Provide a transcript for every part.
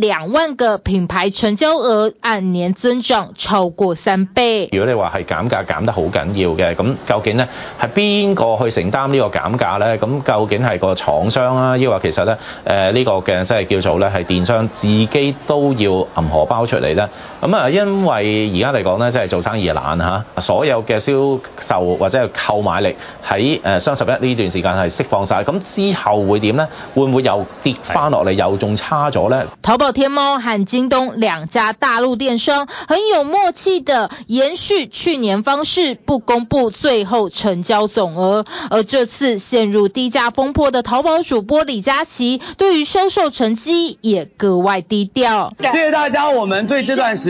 兩萬個品牌成交額按年增長超過三倍。如果你話係減價減得好緊要嘅，咁究竟呢係邊個去承擔呢個減價呢？咁究竟係個廠商啦、啊，抑或其實咧，誒、呃、呢、呢個嘅即係叫做呢？係電商自己都要揞荷包出嚟呢？咁啊，因為而家嚟講咧，即係做生意啊難吓，所有嘅銷售或者係購買力喺誒雙十一呢段時間係釋放晒，咁之後會點咧？會唔會又跌翻落嚟，又仲差咗咧？淘寶天貓和京東兩家大陸電商很有默契地延續去年方式，不公布最後成交總額。而這次陷入低價風波的淘寶主播李佳琦對於銷售成績也格外低調。謝謝大家，我們對這段時。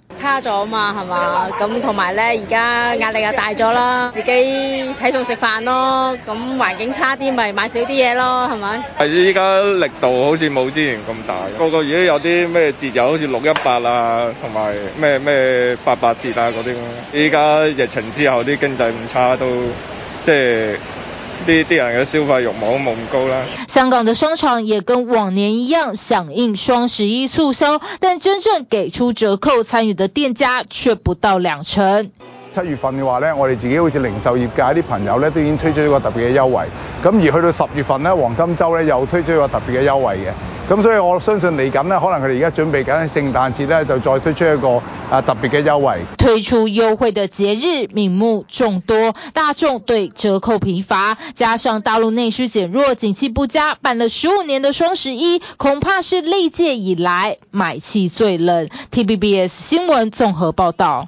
差咗嘛係嘛，咁同埋咧而家壓力又大咗啦，自己睇餸食飯咯，咁環境差啲咪買少啲嘢咯係咪？係依家力度好似冇之前咁大，個個月都有啲咩節就好似六一八啊，同埋咩咩八八節啊嗰啲。依家疫情之後啲經濟唔差都即係。啲啲人嘅消費欲望冇咁高啦。香港嘅商場也跟往年一樣響應雙十一促銷，但真正給出折扣參與嘅店家卻不到兩成。七月份嘅話呢，我哋自己好似零售業界啲朋友呢，都已經推出一個特別嘅優惠。咁而去到十月份呢，黃金周呢，又推出一個特別嘅優惠嘅。咁所以我相信嚟緊呢，可能佢哋而家準備緊聖誕節呢，就再推出一個啊特別嘅優惠。推出優惠的節日名目眾多，大眾對折扣疲乏，加上大陸內需減弱，景氣不佳，辦了十五年的雙十一，恐怕是歷屆以來買氣最冷。TVBS 新聞綜合報導。